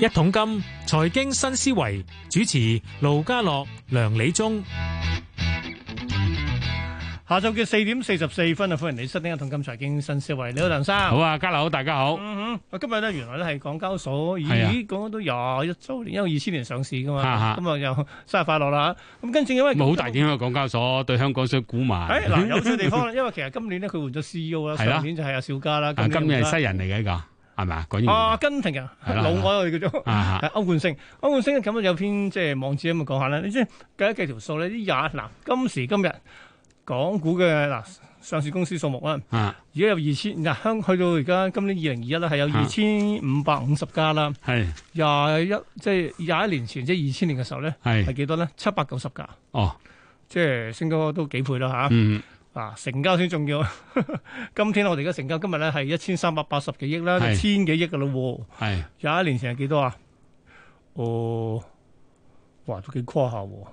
一桶金財經新思維主持盧家樂、梁理中，下晝嘅四點四十四分啊，歡迎你收聽一桶金財經新思維。你好，梁生，好啊，家樂好，大家好。嗯哼，今日咧原來咧係港交所，咦，講咗都廿一周年，因為二千年上市噶嘛，咁啊又生日快樂啦吓。咁跟住因為冇好大點嘅港交所對香港所以股嘛。誒嗱，有少地方啦，因為其實今年咧佢換咗 C E O 啦，上年就係阿小加啦，今年係西人嚟嘅依個。係咪啊？阿根廷啊，的老外我哋叫做，係歐冠星，歐的冠星，咁啊有篇即係、就是、網址，咁啊講下啦。你即係計一計條數咧，呢廿嗱，今時今日港股嘅嗱上市公司數目咧，而家的有二千嗱，香去到而家今年二零二一咧，係有二千五百五十家啦。係廿一即係廿一年前，即係二千年嘅時候咧，係幾多咧？七百九十家。的哦，即係升高都幾倍啦嚇。啊嗯啊，成交先重要。 今天我哋嘅成交今日咧係一千三百八十幾億啦，一千幾億㗎咯。係，廿一年前係幾多啊？哦是，哇都幾誇下喎。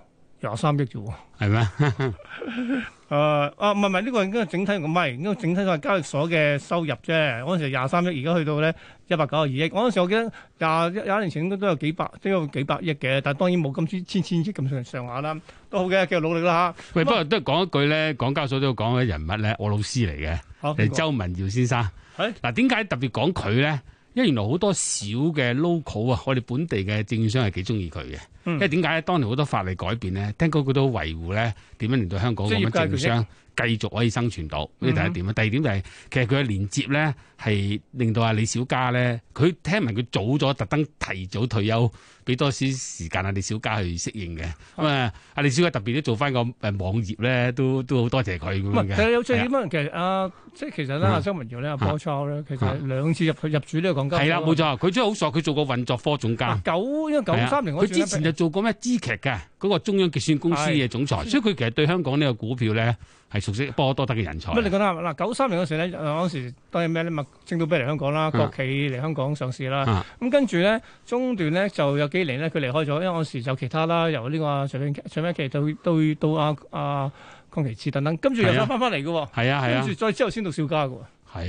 廿三億啫喎，係咩？誒是嗎 啊，唔係唔係，呢、這個已經整體、這個咪，應該整體個交易所嘅收入啫。嗰陣時廿三億，而家去到咧一百九十二億。嗰陣時我記得廿一廿年前應該都有幾百，都有幾百億嘅，但係當然冇咁千千千億咁上上下啦。都好嘅，繼續努力啦嚇。喂，啊、不過都係講一句咧，港交所都要講啲人物咧，我老師嚟嘅，係、啊、周文耀先生。係嗱是，點解、啊、特別講佢咧？因為原來好多小嘅 local 啊，我哋本地嘅證券商係幾中意佢嘅，嗯、因為點解咧？當年好多法例改變咧，聽講佢都維護咧，點樣令到香港咁嘅證券商繼續可以生存到？呢啲係點啊？嗯、哼第二點就係、是、其實佢嘅連接咧，係令到阿李小加咧，佢聽聞佢早咗特登提早退休。俾多啲時間啊，李小嘉去適應嘅。咁啊，阿李小嘉特別都做翻個誒網頁咧，都都好多謝佢咁樣嘅。唔係，其實有嘅其實阿即係其實咧，阿周文耀咧，阿 Paul Chow 其實兩次入去入主呢個廣交。係啦，冇錯，佢真係好傻，佢做過運作科總監。九因為九三年佢之前就做過咩支劇嘅嗰個中央結算公司嘅總裁，所以佢其實對香港呢個股票咧係熟悉波多得嘅人才。咩？你覺得嗱，九三年嗰時咧，嗰時當然咩咧？咪青島啤嚟香港啦，國企嚟香港上市啦。咁跟住咧，中段咧就有。機靈咧，佢離開咗，因為我時就其他啦，由呢個徐炳奇、徐炳奇到到到阿阿江其志等等，跟住又想翻翻嚟嘅，係啊係啊，跟住再之後先到少家嘅喎，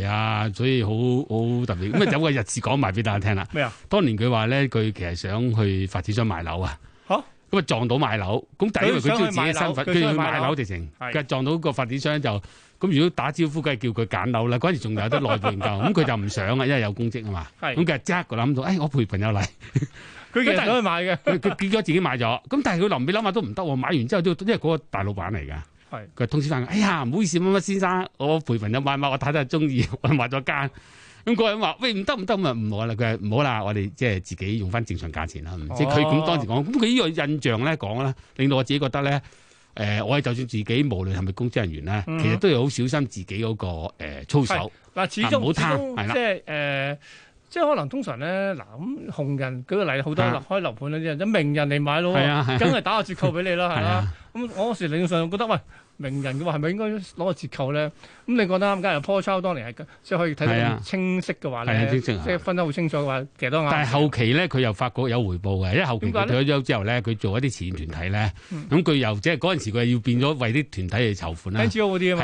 係啊，所以好好特別咁啊，有個日子講埋俾大家聽啦。咩啊？當年佢話咧，佢其實想去發展商買樓啊，咁啊撞到買樓，咁但因為佢知自己身份，佢去買樓直情，係撞到個發展商就咁，如果打招呼梗係叫佢揀樓啦。嗰陣時仲有得內部研究，咁佢就唔想啊，因為有公職啊嘛，咁佢即刻個諗到，誒我陪朋友嚟。佢入咗買嘅 佢結果自己買咗。咁但係佢臨尾諗下都唔得，買完之後都因為嗰個大老闆嚟噶，佢是通知翻。哎呀，唔好意思，乜乜先生，我陪朋友買買，我太太中意，我買咗間。咁嗰人話：喂，唔得唔得，咁啊唔好啦。佢話唔好啦，我哋即係自己用翻正常價錢啦。即係佢咁當時講，咁佢呢個印象咧講咧，令到我自己覺得咧，誒、呃，我係就算自己無論係咪公職人員咧，嗯、哼其實都要好小心自己嗰個誒操守。嗱、嗯哼啊，始終、啊、始終即係誒。了即係可能通常咧，嗱咁紅人舉個例，好多開樓盤嗰啲人，有是、啊、名人嚟買咯，梗係、啊啊、打個折扣俾你啦，係啦、啊。咁是、啊、我嗰時理論上覺得喂。名人嘅話係咪應該攞個折扣咧？咁、嗯、你覺得啱唔啱？因為 p u n 當年係即係可以睇到清晰嘅話咧，的即係分得好清楚嘅話，幾多眼？但係後期咧，佢的又發覺有回報嘅，因為後期退咗休之後咧，佢做一啲慈善團體咧，咁佢、嗯嗯、又，即係嗰陣時佢要變咗為啲團體去籌款啦。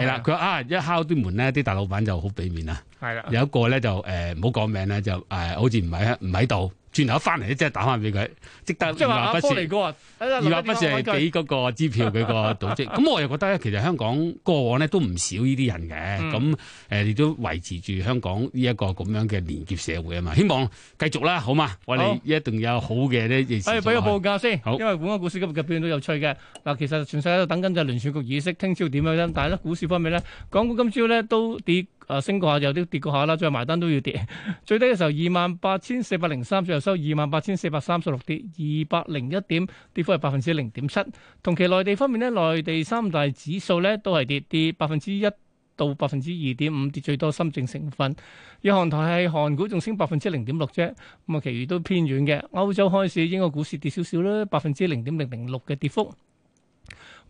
係啊，佢啊一敲啲門咧，啲大老闆就好俾面啦。係啦的，有一個咧就唔、呃呃、好講名咧就誒好似唔喺唔喺度。轉頭一翻嚟，即真係打翻俾佢，值得二話不說。二話不說係俾嗰個支票，佢個賭資。咁 我又覺得其實香港過往呢都唔少呢啲人嘅。咁誒、嗯，亦都維持住香港呢一個咁樣嘅連結社會啊嘛。希望繼續啦，好嘛？我哋一定有好嘅呢啲。哎，俾個報價先，好因為本個股市今日嘅表現都有趣嘅。嗱，其實全世界都等緊就係聯儲局議息，聽朝點樣啫？但係咧，股市方面咧，港股今朝咧都跌。誒升過下，有啲跌過下啦，最後埋單都要跌。最低嘅時候二萬八千四百零三，最後收二萬八千四百三十六，跌二百零一點，跌幅係百分之零點七。同期內地方面咧，內地三大指數咧都係跌，跌百分之一到百分之二點五，跌最多深證成分。有韓台係韓股仲升百分之零點六啫，咁啊，其餘都偏遠嘅。歐洲開始應該股市跌少少啦，百分之零點零零六嘅跌幅。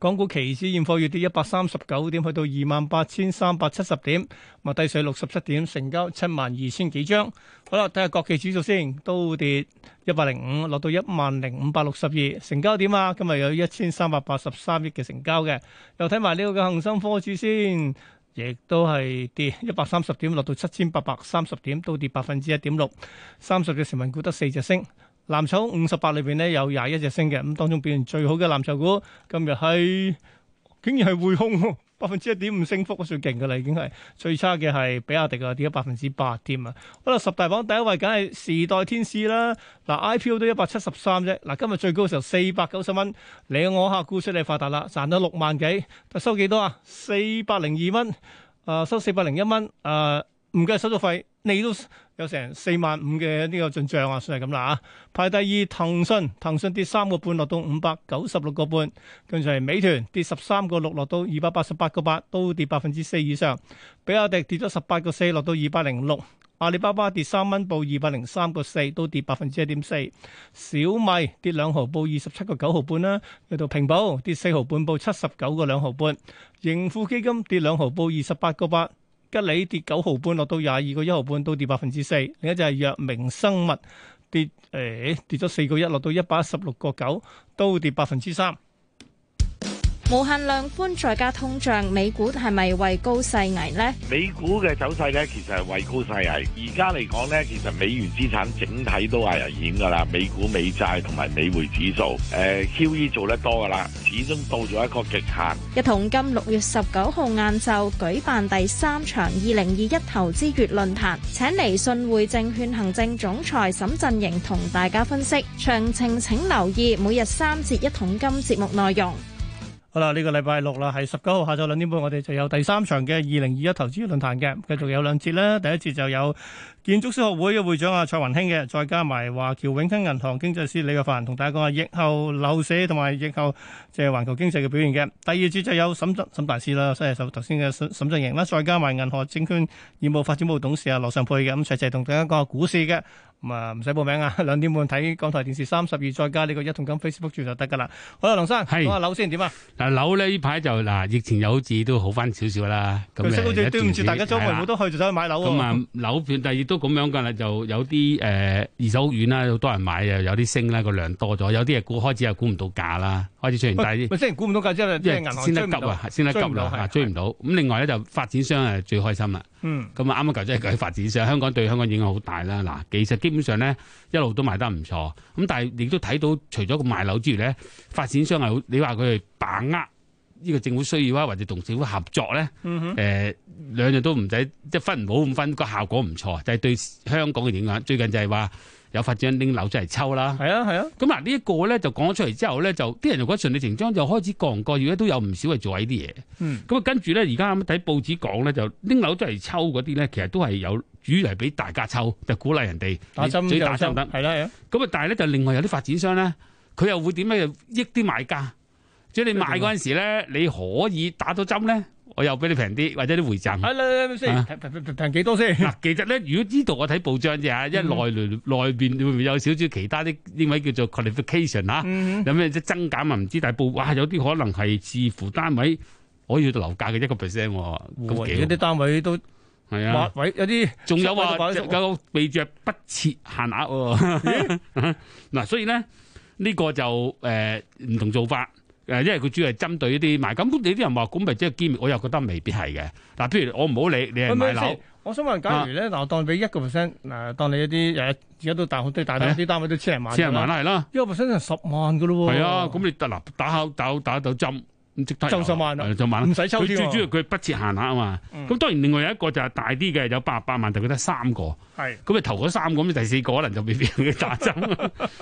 港股期指現貨月跌一百三十九點，去到二萬八千三百七十點，咁啊低水六十七點，成交七萬二千幾張。好啦，睇下國企指數先，都跌一百零五，落到一萬零五百六十二，成交點啊，今日有一千三百八十三億嘅成交嘅。又睇埋呢個嘅恒生科指先，亦都係跌一百三十點，落到七千八百三十點，都跌百分之一點六。三十嘅成分股得四隻升。藍籌五十八裏邊咧有廿一隻升嘅，咁當中表現最好嘅藍籌股今日係竟然係匯控，百分之一點五升幅啊，算勁噶啦，已經係最差嘅係比亞迪啊，跌咗百分之八添啊！嗱，十大榜第一位梗係時代天使啦，嗱 IPO 都一百七十三啫。嗱今日最高嘅時候四百九十蚊，你我下估出你發達啦，賺咗六萬幾，但收幾多啊？四百零二蚊，誒、呃，收四百零一蚊，誒、呃。唔計手續費，你都有成四萬五嘅呢個進賬啊，算係咁啦吓。排第二，騰訊騰訊跌三個半，落到五百九十六個半。跟住係美團跌十三個六，落到二百八十八個八，都跌百分之四以上。比亞迪跌咗十八個四，落到二百零六。阿里巴巴跌三蚊，報二百零三個四，都跌百分之一點四。小米跌兩毫，報二十七個九毫半啦。又到平保跌四毫半，報七十九個兩毫半。盈富基金跌兩毫，報二十八個八。吉利跌九毫半，落到廿二個一毫半，都跌百分之四。另一就係藥明生物跌，誒、哎、跌咗四個一，落到一百一十六個九，都跌百分之三。無限量寬再加通脹，美股係咪位高勢危咧？美股嘅走勢咧，其實係位高勢危。而家嚟講咧，其實美元資產整體都係危險噶啦，美股、美債同埋美匯指數誒，Q E 做得多噶啦，始終到咗一個極限。一桶金六月十九號晏晝舉辦第三場二零二一投資月論壇，請嚟信匯證券行政總裁沈振盈同大家分析詳情，請留意每日三節一桶金節目內容。好啦，呢、這個禮拜六啦，係十九號下晝兩點半，我哋就有第三場嘅二零二一投資論壇嘅，繼續有兩節啦。第一節就有建築師學會嘅會長啊蔡云興嘅，再加埋華僑永亨銀行經濟師李玉凡同大家講下疫後樓市同埋疫後即係環球經濟嘅表現嘅。第二節就有沈振沈大師啦，即係首頭先嘅沈沈振盈啦，再加埋銀河證券業務發展部董事啊羅尚佩嘅咁齊齊同大家講下股市嘅。啊，唔使報名啊！兩點半睇港台電視三十二，再加呢個一同金 Facebook 住就得噶啦。好龍啦，梁生講下樓先點啊？嗱樓咧呢排就嗱，疫情又好似都好翻少少啦。其實好似對唔住大家，租盤我都去，就想去買樓，啊。咁、嗯、啊，樓變，但亦都咁樣噶啦，就有啲誒、呃、二手屋苑啦，好多人買又有啲升啦，個量多咗，有啲係估開始又估唔到價啦，開始出現大啲，喂、欸，雖然是估唔到價，即係因銀行先得急啊，先得急落啊，追唔到。咁的另外咧就發展商係最開心啦。咁啱啱嚿真係講發展商，香港對香港影響好大啦。嗱、嗯，其實基本上咧一路都賣得唔錯，咁但係亦都睇到，除咗個賣樓之餘咧，發展商係好你話佢哋把握呢個政府需要啊，或者同政府合作咧，誒兩樣都唔使，即係分唔好咁分，個效果唔錯，就係、是、對香港嘅影響。最近就係話有發展拎樓出嚟抽啦，係啊係啊，咁啊呢一個咧就講咗出嚟之後咧，就啲人就覺得順理成章就開始各行各業咧都有唔少係做喺啲嘢，咁啊、嗯、跟住咧而家啱睇報紙講咧就拎樓都係抽嗰啲咧，其實都係有。主要係俾大家抽，就鼓勵人哋打針打針得輸，係啦係啦。咁啊，但係咧就另外有啲發展商咧，佢又會點樣又會點咧？益啲買家，即係你買嗰陣時咧，的你可以打到針咧，我又俾你平啲，或者啲回贈。啊啦啦先，平平平幾多先？嗱、啊，其實咧，如果依度我睇報章啫、嗯、因為內內邊會唔會有少少其他啲英位叫做 qualification 嚇、嗯？有咩即係增減啊？唔知，但係報哇，有啲可能係至乎單位可以樓價嘅一個 percent 咁其如啲單位都。係啊，有啲仲有話有未着不設限額喎。嗱、欸，所以咧呢、呢個就誒唔、呃、同做法。誒、呃，因為佢主要係針對呢啲賣咁，你啲人話咁咪即係機密，我又覺得未必係嘅。嗱，譬如我唔好理你係買樓，我想問，假如咧嗱，我當俾一個 percent，嗱，啊、當你一啲誒而家都大好多，大到啲單位都千零萬，千零萬啦，係啦，一個 percent 就十萬噶咯。係啊，咁、啊、你嗱打口打打到針。就十萬啦，唔使最主要佢不設限額啊嘛。咁、嗯、當然另外有一個就係大啲嘅，有八百萬，但係得三個。係是。咁啊投咗三個，咁啊第四個可能就被別人嘅打針。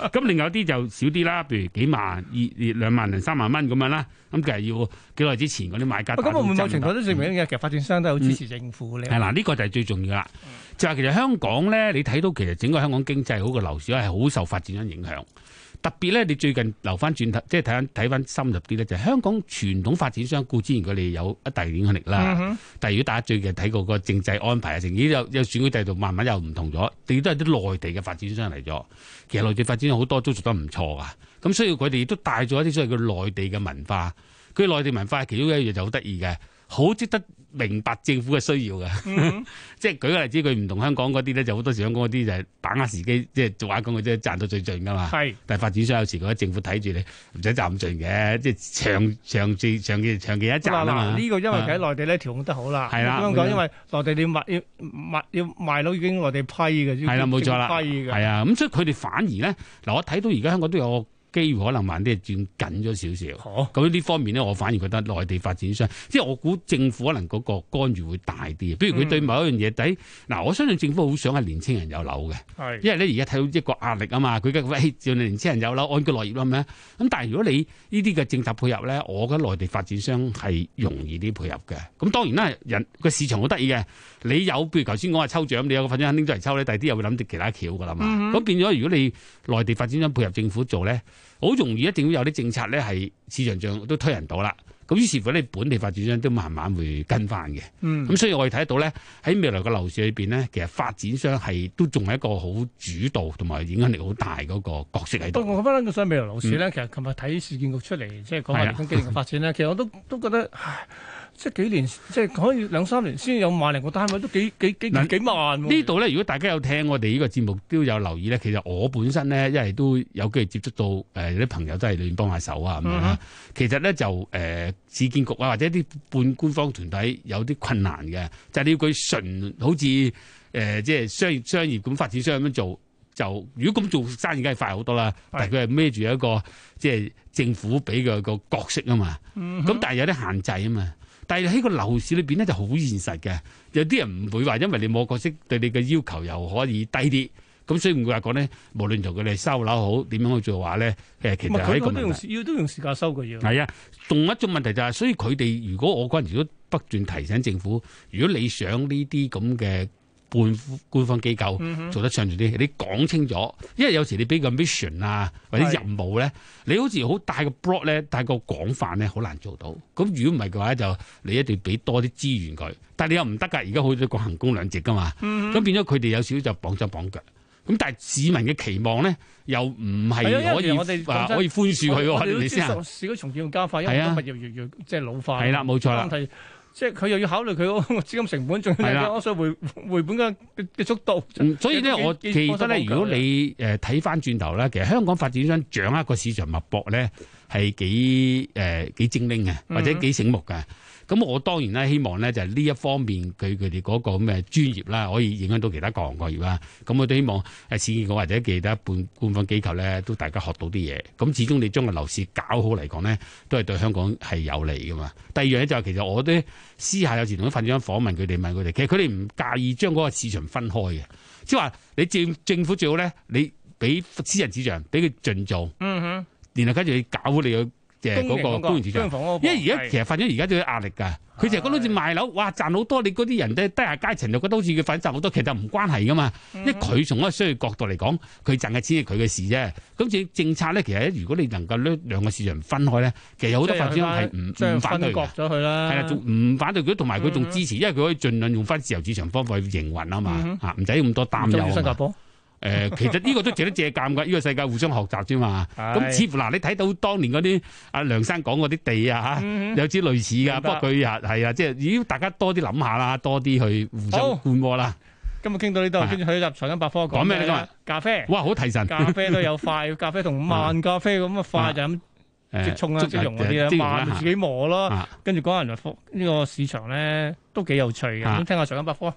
咁 另外有啲就少啲啦，譬如幾萬、二二兩萬零三萬蚊咁樣啦。咁其實要幾耐之前嗰啲買家。咁啊，會唔會情都證明嘅？嗯、其實發展商都好支持政府嘅咧。係嗱、嗯，呢看、這個就係最重要啦。嗯、就係其實香港咧，你睇到其實整個香港經濟好過樓市係好受發展商影響。特別咧，你最近留翻轉頭，即係睇翻睇翻深入啲咧，就係香港傳統發展商固然佢哋有一大影響力啦。但係如果大家最近睇過個政制安排啊，政治有有選舉制度慢慢又唔同咗，亦都係啲內地嘅發展商嚟咗。其實內地發展好多都做得唔錯噶，咁所以佢哋亦都帶咗一啲所謂叫內地嘅文化。佢內地文化其中一樣就好得意嘅，好值得。明白政府嘅需要嘅，即係舉個例子，佢唔同香港嗰啲咧，就好多時香港嗰啲就係把握時機，即係做下工嘅啫，賺到最盡噶嘛。係，但係發展商有時嗰啲政府睇住你，唔使賺咁盡嘅，即係長長長嘅長期一賺，呢個因為喺內地咧調控得好啦，係啦，咁樣講，因為內地你賣要賣要賣樓已經內地批嘅，係啦，冇錯啦，批嘅，係啊，咁所以佢哋反而咧，嗱，我睇到而家香港都有。機會可能慢啲，轉緊咗少少。咁呢、哦、方面呢，我反而覺得內地發展商，即係我估政府可能嗰個干預會大啲。譬如佢對某一樣嘢底嗱，我相信政府好想係年青人有樓嘅，是因為你而家睇到一個壓力啊嘛。佢嘅喂，叫年青人有樓安居樂業啦咩？咁但係如果你呢啲嘅政策配合呢，我覺得內地發展商係容易啲配合嘅。咁當然啦，人個市場好得意嘅，你有譬如頭先我話抽獎，你有個發展商肯定都嚟抽咧。第二啲又會諗住其他橋噶啦嘛。咁、嗯、哼變咗，如果你內地發展商，商配合政府，政府做呢。好容易一定要有啲政策咧，係市場上都推唔到啦。咁於是乎咧，本地發展商都慢慢會跟翻嘅。咁、嗯、所以我哋睇到咧，喺未來個樓市裏邊咧，其實發展商係都仲係一個好主導同埋影響力好大嗰個角色喺度。我覺得，未來樓市咧，其實琴日睇市建局出嚟即係講話人工基嘅發展咧，是的 其實我都都覺得。唉即係幾年，即係可以兩三年先有萬零個單位，都幾幾幾幾幾萬、啊。呢度咧，如果大家有聽我哋呢個節目都有留意咧，其實我本身咧，因為都有機會接觸到誒有啲朋友都係嚟幫下手啊咁樣啦。嗯、其實咧就誒市建局啊或者啲半官方團體有啲困難嘅，就係、是、你要佢純好似誒、呃、即係商業商業咁發展商咁樣做，就如果咁做生意梗係快好多啦。是但佢係孭住一個即係政府俾佢個角色啊嘛。咁、嗯、哼但係有啲限制啊嘛。但係喺個樓市裏邊咧就好現實嘅，有啲人唔會話，因為你冇角色對你嘅要求又可以低啲，咁所以我話講咧，無論同佢哋收樓好點樣去做話咧，誒其實喺咁佢都用時要都用時間收嘅嘢。係啊，仲一種問題就係、是，所以佢哋如果我覺得如果不斷提醒政府，如果你想呢啲咁嘅。半官方機構做得長遠啲，你講清楚，因為有時你俾個 mission 啊或者任務咧，你好似好大個 block 咧，大個廣泛咧，好難做到。咁如果唔係嘅話，就你一定要俾多啲資源佢，但係你又唔得㗎。而家好似一個行公兩職㗎嘛，咁變咗佢哋有少少就綁手綁腳。咁但係市民嘅期望咧，又唔係可以可以寬恕佢喎，你知唔知啊？重建要加快，因為物業即係老化。係啦，冇錯啦。即係佢又要考慮佢嗰個資金成本，仲的有我想回回本嘅嘅速度。嗯、所以咧，挺我其實咧，如果你誒睇返轉頭咧，其實香港發展商掌握個市場脈搏咧，係幾誒、呃、幾精靈嘅，或者幾醒目嘅。嗯咁我當然咧，希望咧就係呢一方面佢佢哋嗰個咩專業啦，可以影響到其他各行各業啦。咁我都希望誒市建局或者其他半官方機構咧，都大家學到啲嘢。咁始終你將個樓市搞好嚟講咧，都係對香港係有利噶嘛。第二樣咧就係其實我都私下有時同啲發展商訪問佢哋，問佢哋，其實佢哋唔介意將嗰個市場分開嘅，即係話你政政府最好咧，你俾私人市場俾佢盡做，嗯哼，然後跟住去搞好你嘅。即係嗰個供應市場，公公因為而家是其實發展而家都有壓力㗎。佢成日覺得好似賣樓，哇賺好多，你嗰啲人咧低下階層又覺得好似佢反賺好多，其實唔關係噶嘛。嗯、因為佢從一個商業角度嚟講，佢賺嘅錢係佢嘅事啫。咁所以政策咧，其實如果你能夠咧兩個市場分開咧，其實有好多發展係唔唔反對。佢割咗佢啦，係啦，仲唔反對？佢，同埋佢仲支持，嗯、因為佢可以盡量用翻自由市場方法去營運啊嘛，嚇唔使咁多擔憂新加坡。誒，其實呢個都值得借鑒噶，呢個世界互相學習啫嘛。咁似乎嗱，你睇到當年嗰啲阿梁生講嗰啲地啊，吓有啲類似噶。不過佢啊係啊，即係大家多啲諗下啦，多啲去互相觀摩啦。今日傾到呢度，跟住去入財金百科講咩？咖啡哇，好提神！咖啡都有快咖啡同慢咖啡咁啊，快就咁，即沖啊即溶嗰啲咧，慢就自己磨咯。跟住嗰日嚟呢個市場咧都幾有趣嘅，咁聽下財金百科。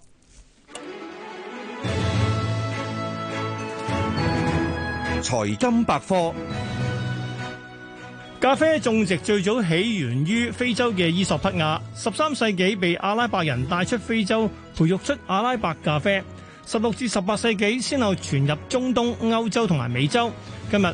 財金百科：咖啡種植最早起源於非洲嘅伊索匹亞，十三世紀被阿拉伯人帶出非洲，培育出阿拉伯咖啡。十六至十八世紀先後傳入中東、歐洲同埋美洲。今日，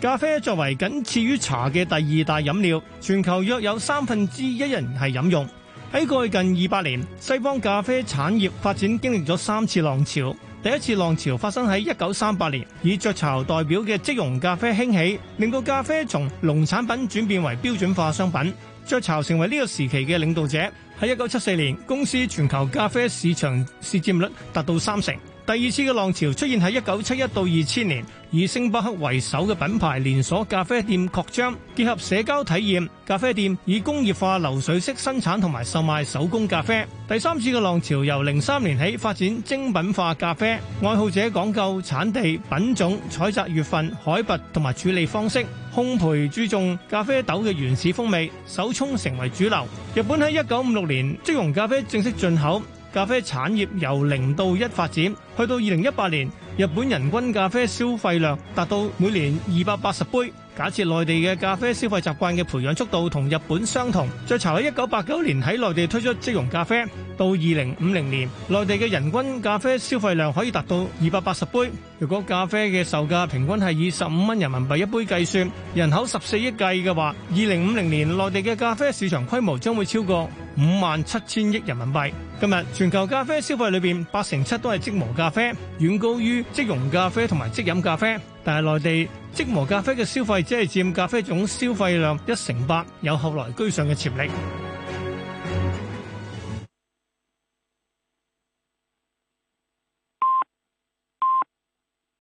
咖啡作為僅次於茶嘅第二大飲料，全球約有三分之一人係飲用。喺過去近二百年，西方咖啡產業發展經歷咗三次浪潮。第一次浪潮發生喺一九三八年，以雀巢代表嘅即溶咖啡興起，令到咖啡從農產品轉變為標準化商品。雀巢成為呢個時期嘅領導者。喺一九七四年，公司全球咖啡市場市佔率達到三成。第二次嘅浪潮出現喺一九七一到二千年，以星巴克為首嘅品牌連鎖咖啡店擴張，結合社交體驗。咖啡店以工業化流水式生產同埋售賣手工咖啡。第三次嘅浪潮由零三年起發展精品化咖啡，愛好者講究產地、品種、採摘月份、海拔同埋處理方式，烘焙注重咖啡豆嘅原始風味，手沖成為主流。日本喺一九五六年，即溶咖啡正式進口。咖啡產業由零到一發展，去到二零一八年，日本人均咖啡消費量達到每年二百八十杯。假設內地嘅咖啡消費習慣嘅培養速度同日本相同，雀巢喺一九八九年喺內地推出即溶咖啡，到二零五零年，內地嘅人均咖啡消費量可以達到二百八十杯。如果咖啡嘅售價平均係以十五蚊人民幣一杯計算，人口十四億計嘅話，二零五零年內地嘅咖啡市場規模將會超過五萬七千億人民幣。今日全球咖啡消費裏邊，八成七都係即磨咖啡，遠高於即溶咖啡同埋即飲咖啡。但係內地即磨咖啡嘅消費只係佔咖啡總消費量一成八，有後來居上嘅潛力。